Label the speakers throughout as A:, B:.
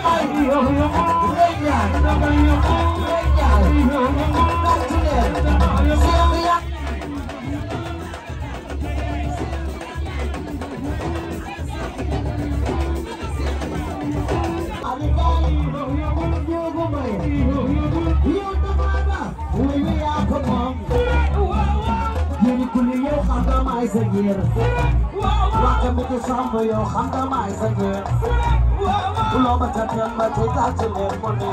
A: Waaw waaw waaw xam nga maay sa Uloba tatem bate tate le mone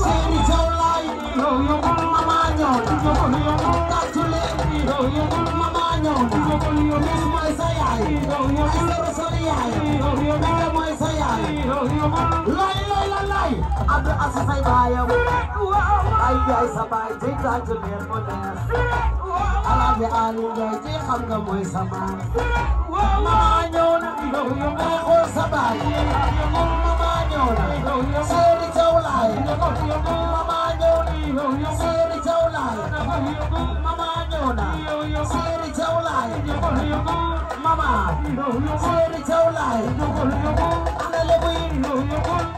A: Siri jaula ini ho yo mama nyo Tujo koli yo tate le ini ho yo mama nyo Tujo koli yo miss my say I Ho yo miss my say I Ho yo miss my say I Ho yo ay ànd ak sa say baayam ay yaay sa baay tey tàcc leen mu neex alaaji Ali Njaay ci xam nga mooy sa maam mamaa ñëw na yow yu may xool sa baay mamaa ñëw na seeni caw laay mamaa ñëw na seeni caw laay mamaa ñëw na seeni caw laay mamaa seeni caw laay ana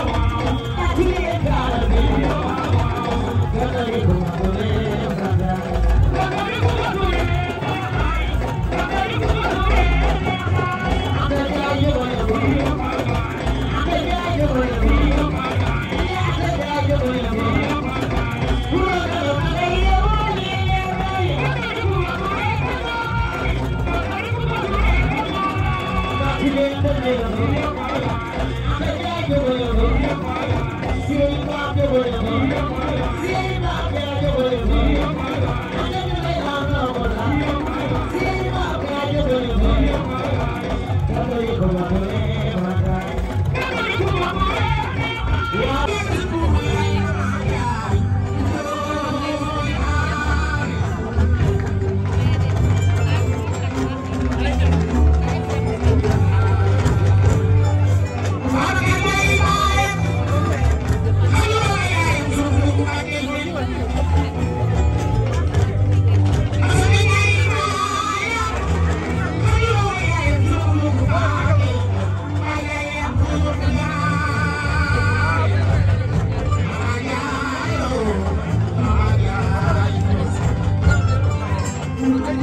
A: Thank you.